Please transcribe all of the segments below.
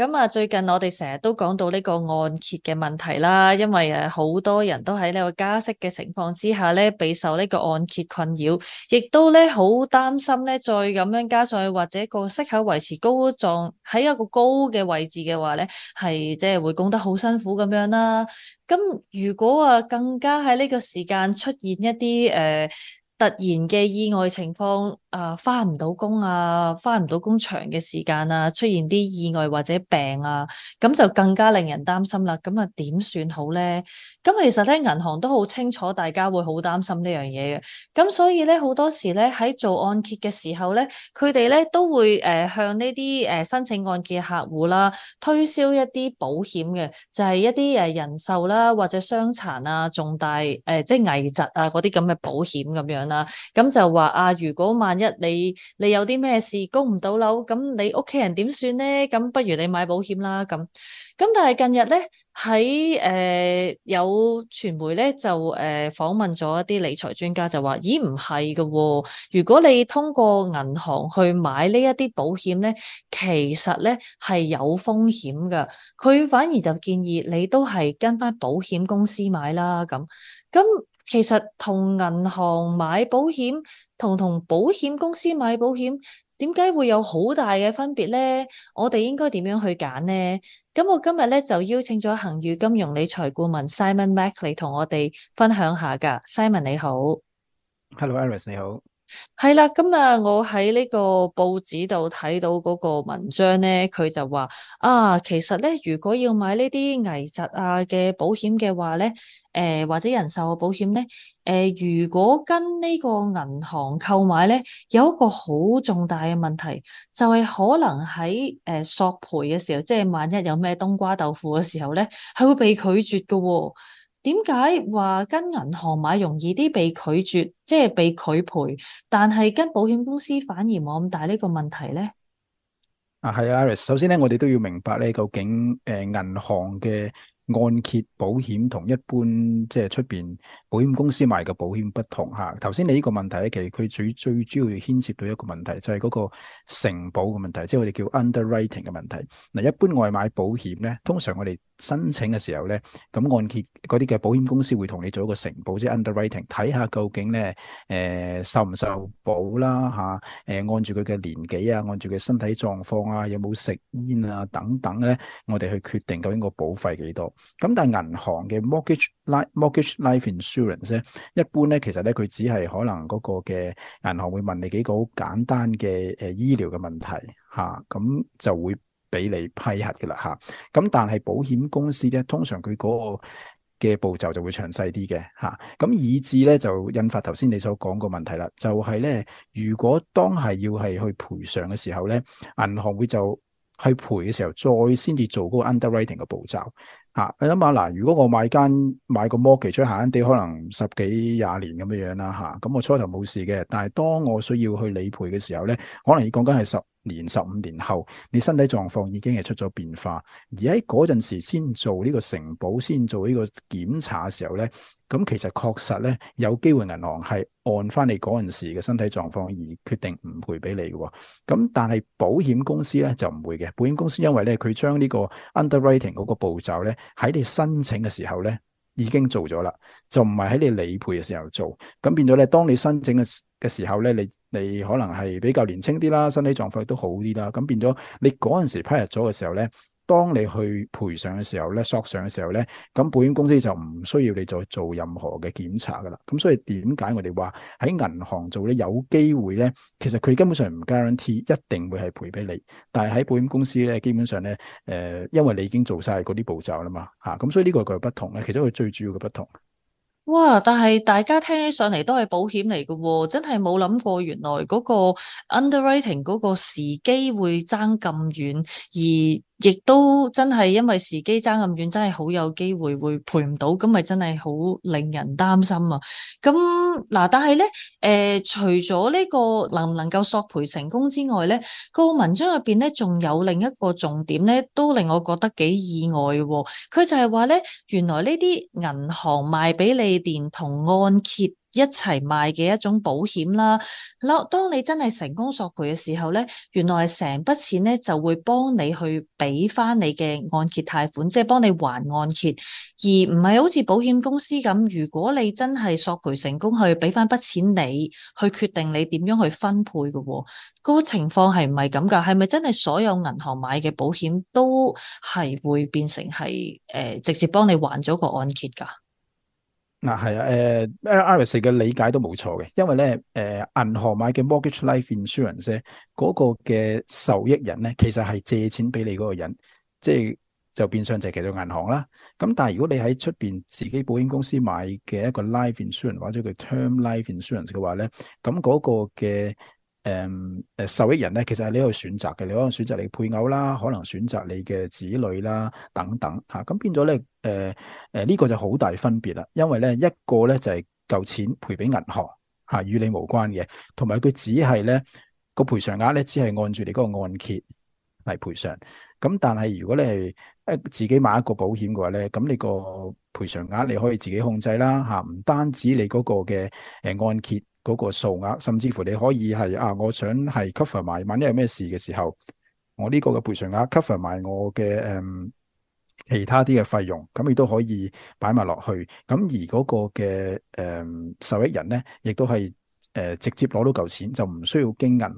咁啊，最近我哋成日都講到呢個按揭嘅問題啦，因為誒好多人都喺呢個加息嘅情況之下咧，備受呢個按揭困擾，亦都咧好擔心咧，再咁樣加上去或者個息口維持高咗，狀喺一個高嘅位置嘅話咧，係即係會供得好辛苦咁樣啦。咁如果啊更加喺呢個時間出現一啲誒、呃、突然嘅意外情況。啊！返唔到工啊！返唔到工長嘅時間啊！出現啲意外或者病啊，咁就更加令人擔心啦。咁啊，點算好咧？咁其實咧，銀行都好清楚大家會好擔心呢樣嘢嘅。咁所以咧，好多時咧喺做按揭嘅時候咧，佢哋咧都會誒、呃、向呢啲誒申請按揭嘅客戶啦，推銷一啲保險嘅，就係、是、一啲誒人壽啦，或者傷殘啊、重大誒、呃、即係危疾啊嗰啲咁嘅保險咁樣啦。咁就話啊，如果萬一你你有啲咩事供唔到樓，咁你屋企人點算咧？咁不如你買保險啦咁。咁但係近日咧喺誒有傳媒咧就誒訪、呃、問訪問咗一啲理財專家就話咦唔係㗎，如果你通過銀行去買呢一啲保險咧，其實咧係有風險㗎。佢反而就建議你都係跟翻保險公司買啦咁咁。其實同銀行買保險，同同保險公司買保險，點解會有好大嘅分別呢？我哋應該點樣去揀呢？咁我今日咧就邀請咗恆譽金融理財顧問 Simon Macley 同我哋分享下㗎。Simon 你好 h e l l o a l i s Hello, Iris, 你好。係啦，今日我喺呢個報紙度睇到嗰個文章咧，佢就話啊，其實咧，如果要買呢啲危疾啊嘅保險嘅話咧。誒、呃，或者人壽嘅保險咧，誒、呃，如果跟個銀呢個銀行購買咧，有一個好重大嘅問題，就係、是、可能喺誒、呃、索賠嘅時候，即係萬一有咩冬瓜豆腐嘅時候咧，係會被拒絕嘅、哦。點解話跟銀行買容易啲被拒絕，即、就、係、是、被拒賠，但係跟保險公司反而冇咁大呢個問題咧？啊，係 Iris，、啊、首先咧，我哋都要明白呢，究竟誒銀、呃、行嘅。按揭保險同一般即係出邊保險公司賣嘅保險不同嚇。頭先你呢個問題咧，其實佢最最主要牽涉到一個問題，就係嗰個承保嘅問題，即係我哋叫 underwriting 嘅問題。嗱，一般外買保險咧，通常我哋申請嘅時候咧，咁按揭嗰啲嘅保險公司會同你做一個承保，即係 underwriting，睇下究竟咧，誒受唔受保啦嚇，誒按住佢嘅年紀啊，按住佢身體狀況啊，有冇食煙啊等等咧，我哋去決定究竟個保費幾多。咁但係銀行嘅 mortgage life mortgage life insurance 咧，一般咧其實咧佢只係可能嗰個嘅銀行會問你幾個好簡單嘅誒醫療嘅問題嚇，咁就會，俾你批核嘅啦嚇，咁但係保險公司咧，通常佢嗰個嘅步驟就會詳細啲嘅嚇，咁、啊、以致咧就引發頭先你所講個問題啦，就係、是、咧，如果當係要係去賠償嘅時候咧，銀行會就去賠嘅時候，再先至做嗰個 underwriting 嘅步驟嚇。你諗下嗱，如果我買間買個 mortgage 出行，你可能十幾廿年咁嘅樣啦嚇，咁、啊啊、我初頭冇事嘅，但係當我需要去理賠嘅時候咧，可能要講緊係十。年十五年後，你身體狀況已經係出咗變化，而喺嗰陣時先做呢個承保、先做呢個檢查嘅時候咧，咁其實確實咧有機會銀行係按翻你嗰陣時嘅身體狀況而決定唔賠俾你嘅。咁但係保險公司咧就唔會嘅，保險公司因為咧佢將呢個 underwriting 嗰個步驟咧喺你申請嘅時候咧已經做咗啦，就唔係喺你理賠嘅時候做，咁變咗咧，當你申請嘅嘅時候咧，你你可能係比較年輕啲啦，身體狀況亦都好啲啦，咁變咗你嗰陣時批入咗嘅時候咧，當你去賠償嘅時候咧，索償嘅時候咧，咁保險公司就唔需要你再做任何嘅檢查噶啦。咁所以點解我哋話喺銀行做咧有機會咧，其實佢根本上唔 guarantee 一定會係賠俾你，但係喺保險公司咧，基本上咧，誒、呃，因為你已經做晒嗰啲步驟啦嘛，嚇、啊，咁所以呢個佢又不同咧，其中佢最主要嘅不同。哇！但係大家聽起上嚟都係保險嚟嘅喎，真係冇諗過原來嗰個 underwriting 嗰個時機會爭咁遠。而。亦都真係因為時機差咁遠，真係好有機會會賠唔到，咁咪真係好令人擔心啊！咁嗱，但係咧，誒、呃，除咗呢個能唔能夠索賠成功之外咧，呢個文章入邊咧仲有另一個重點咧，都令我覺得幾意外喎、哦。佢就係話咧，原來呢啲銀行賣俾你電同按揭。一齊賣嘅一種保險啦，嗱，當你真係成功索賠嘅時候咧，原來係成筆錢咧就會幫你去俾翻你嘅按揭貸款，即係幫你還按揭，而唔係好似保險公司咁，如果你真係索賠成功去俾翻筆錢你，去決定你點樣去分配嘅，嗰、那個情況係唔係咁噶？係咪真係所有銀行買嘅保險都係會變成係誒、呃、直接幫你還咗個按揭噶？嗱係、嗯、啊，誒，Alex 嘅理解都冇錯嘅，因為咧，誒、呃，銀行買嘅 mortgage life insurance 咧，嗰、那個嘅受益人咧，其實係借錢俾你嗰個人，即係就變相就係叫做銀行啦。咁但係如果你喺出邊自己保險公司買嘅一個 life insurance 或者叫 term life insurance 嘅話咧，咁、那、嗰個嘅。誒誒，um, 受益人咧，其實你有選擇嘅，你可能選擇你配偶啦，可能選擇你嘅子女啦，等等吓，咁、啊、變咗咧，誒、呃、誒，呢、呃這個就好大分別啦，因為咧一個咧就係夠錢賠俾銀行吓，與、啊、你無關嘅，同埋佢只係咧個賠償額咧只係按住你嗰個按揭嚟賠償，咁、啊、但係如果你係誒自己買一個保險嘅話咧，咁你個賠償額你可以自己控制啦吓，唔、啊、單止你嗰個嘅誒按揭嗰個數額，甚至乎你可以係啊，我想係 cover 埋，萬一有咩事嘅時候，我呢個嘅賠償額 cover 埋我嘅誒、嗯、其他啲嘅費用，咁亦都可以擺埋落去。咁而嗰個嘅誒、嗯、受益人咧，亦都係。誒，直接攞到嚿錢就唔需要經銀行，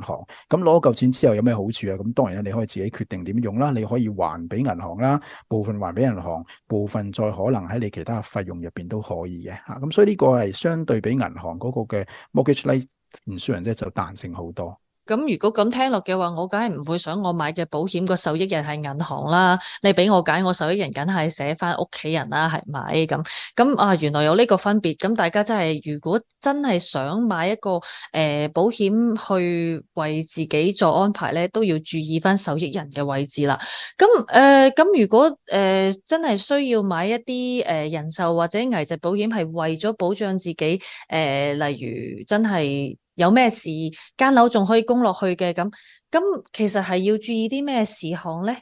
咁攞到嚿錢之後有咩好處啊？咁當然咧，你可以自己決定點用啦，你可以還俾銀行啦，部分還俾銀行，部分再可能喺你其他費用入邊都可以嘅吓，咁所以呢個係相對比銀行嗰個嘅 mortgage l i t e 唔需算嘅，就彈性好多。咁如果咁聽落嘅話，我梗係唔會想我買嘅保險個受益人係銀行啦。你俾我揀，我受益人梗係寫翻屋企人啦，係咪？咁咁啊，原來有呢個分別。咁大家真係如果真係想買一個誒、呃、保險去為自己做安排咧，都要注意翻受益人嘅位置啦。咁誒、咁、呃、如果誒、呃、真係需要買一啲誒、呃、人壽或者危疾保險，係為咗保障自己誒、呃，例如真係。有咩事間樓仲可以供落去嘅咁咁，其實係要注意啲咩事項咧？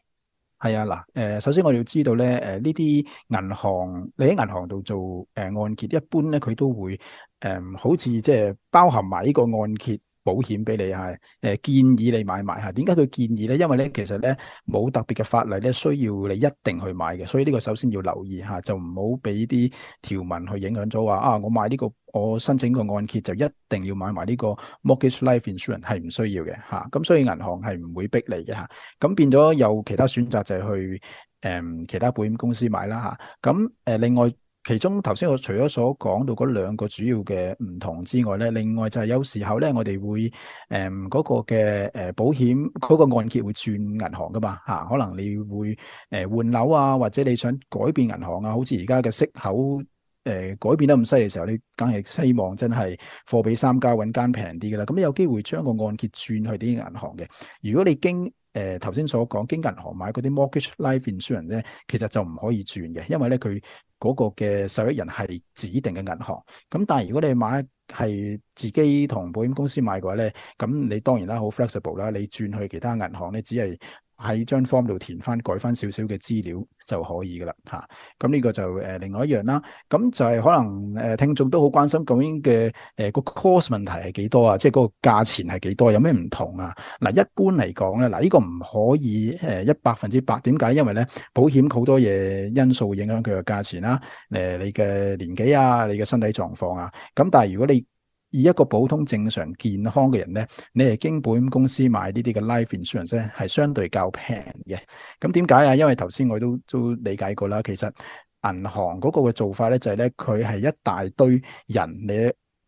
係啊嗱，誒，首先我要知道咧，誒，呢啲銀行你喺銀行度做誒按揭，一般咧佢都會誒、嗯，好似即係包含埋呢個按揭保險俾你係，誒，建議你買埋，係點解佢建議咧？因為咧其實咧冇特別嘅法例咧需要你一定去買嘅，所以呢個首先要留意下，就唔好俾啲條文去影響咗話啊，我買呢個。我申請個按揭就一定要買埋呢個 mortgage life insurance 係唔需要嘅嚇。咁、啊、所以銀行係唔會逼你嘅嚇。咁、啊、變咗有其他選擇就係去誒、嗯、其他保險公司買啦嚇。咁、啊、誒、啊、另外其中頭先我除咗所講到嗰兩個主要嘅唔同之外咧，另外就係有時候咧我哋會誒嗰、嗯、那個嘅誒保險嗰、那個按揭會轉銀行㗎嘛嚇，可能你會誒換樓啊，或者你想改變銀行啊，好似而家嘅息口。誒、呃，改變得咁犀利嘅時候，你梗係希望真係貨比三家，揾間平啲嘅啦。咁有機會將個按揭轉去啲銀行嘅。如果你經誒頭先所講經銀行買嗰啲 mortgage life insurance 咧，其實就唔可以轉嘅，因為咧佢嗰個嘅受益人係指定嘅銀行。咁但係如果你買係自己同保險公司買嘅話咧，咁你當然啦，好 flexible 啦，你轉去其他銀行，你只係。喺張 form 度填翻改翻少少嘅資料就可以噶啦嚇，咁、啊、呢個就誒、是呃、另外一樣啦。咁就係可能誒、呃、聽眾都好關心咁樣嘅誒、呃、個 cost 問題係幾多啊？即係嗰個價錢係幾多？有咩唔同啊？嗱、啊，一般嚟講咧，嗱、啊、呢、這個唔可以誒一百分之百。點、呃、解？因為咧保險好多嘢因素影響佢嘅價錢啦。誒、呃、你嘅年紀啊，你嘅身體狀況啊。咁但係如果你而一個普通正常健康嘅人咧，你係經保險公司買呢啲嘅 life insurance 咧，係相對較平嘅。咁點解啊？因為頭先我都都理解過啦，其實銀行嗰個嘅做法咧，就係咧，佢係一大堆人，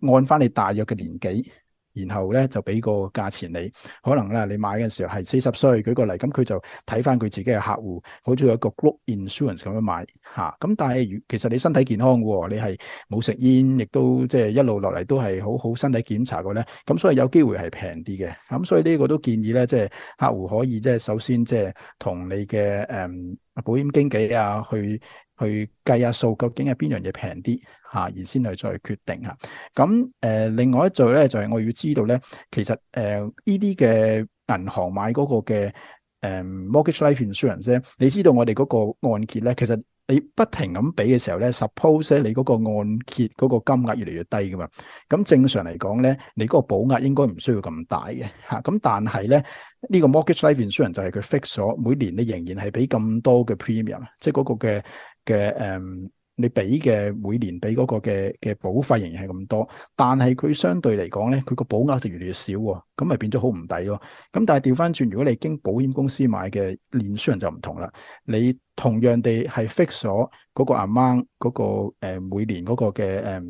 你按翻你大約嘅年紀。然後咧就俾個價錢你，可能咧你買嘅時候係四十歲舉個例，咁佢就睇翻佢自己嘅客戶，好似有個 group insurance 咁樣買嚇。咁但係其實你身體健康嘅喎，你係冇食煙，亦都即係一路落嚟都係好好身體檢查過咧。咁所以有機會係平啲嘅。咁所以呢個都建議咧，即係客戶可以即係首先即係同你嘅誒保險經紀啊去。去計下數，究竟係邊樣嘢平啲嚇，而先去再決定嚇。咁誒、呃，另外一做咧就係、是、我要知道咧，其實誒呢啲嘅銀行買嗰個嘅誒、呃、mortgage life insurance，你知道我哋嗰個按揭咧，其實。你不停咁俾嘅時候咧，suppose 咧你嗰個按揭嗰個金額越嚟越低噶嘛，咁正常嚟講咧，你嗰個保額應該唔需要咁大嘅嚇，咁但係咧呢個 mortgage life insurance 就係佢 fix 咗每年你仍然係俾咁多嘅 premium，即係嗰個嘅嘅誒。你俾嘅每年俾嗰個嘅嘅保費仍然係咁多，但係佢相對嚟講咧，佢個保額就越嚟越少喎，咁咪變咗好唔抵咯。咁但係調翻轉，如果你經保險公司買嘅年書人就唔同啦，你同樣地係 fix 咗嗰個 amount 嗰、嗰個、呃、每年嗰個嘅誒。呃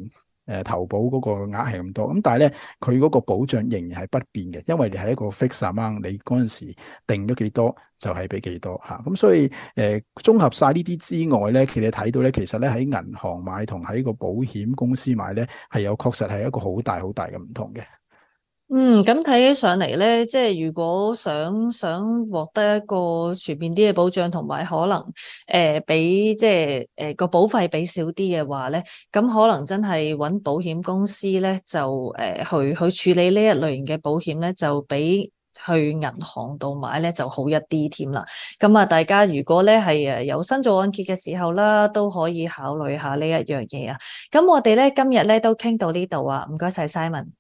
誒、呃，投保嗰個額係咁多，咁但係咧，佢嗰個保障仍然係不變嘅，因為你係一個 fixed amount，你嗰陣時定咗幾多就係俾幾多吓，咁、啊、所以誒、呃、綜合晒呢啲之外咧，其實睇到咧，其實咧喺銀行買同喺個保險公司買咧，係有確實係一個好大好大嘅唔同嘅。嗯，咁睇起上嚟咧，即係如果想想獲得一個全面啲嘅保障，同埋可能誒俾、呃、即係誒個保費俾少啲嘅話咧，咁可能真係揾保險公司咧就誒、呃、去去處理呢一類型嘅保險咧，就比去銀行度買咧就好一啲添啦。咁啊，大家如果咧係誒有新做按揭嘅時候啦，都可以考慮下呢一樣嘢啊。咁我哋咧今日咧都傾到呢度啊，唔該晒 Simon。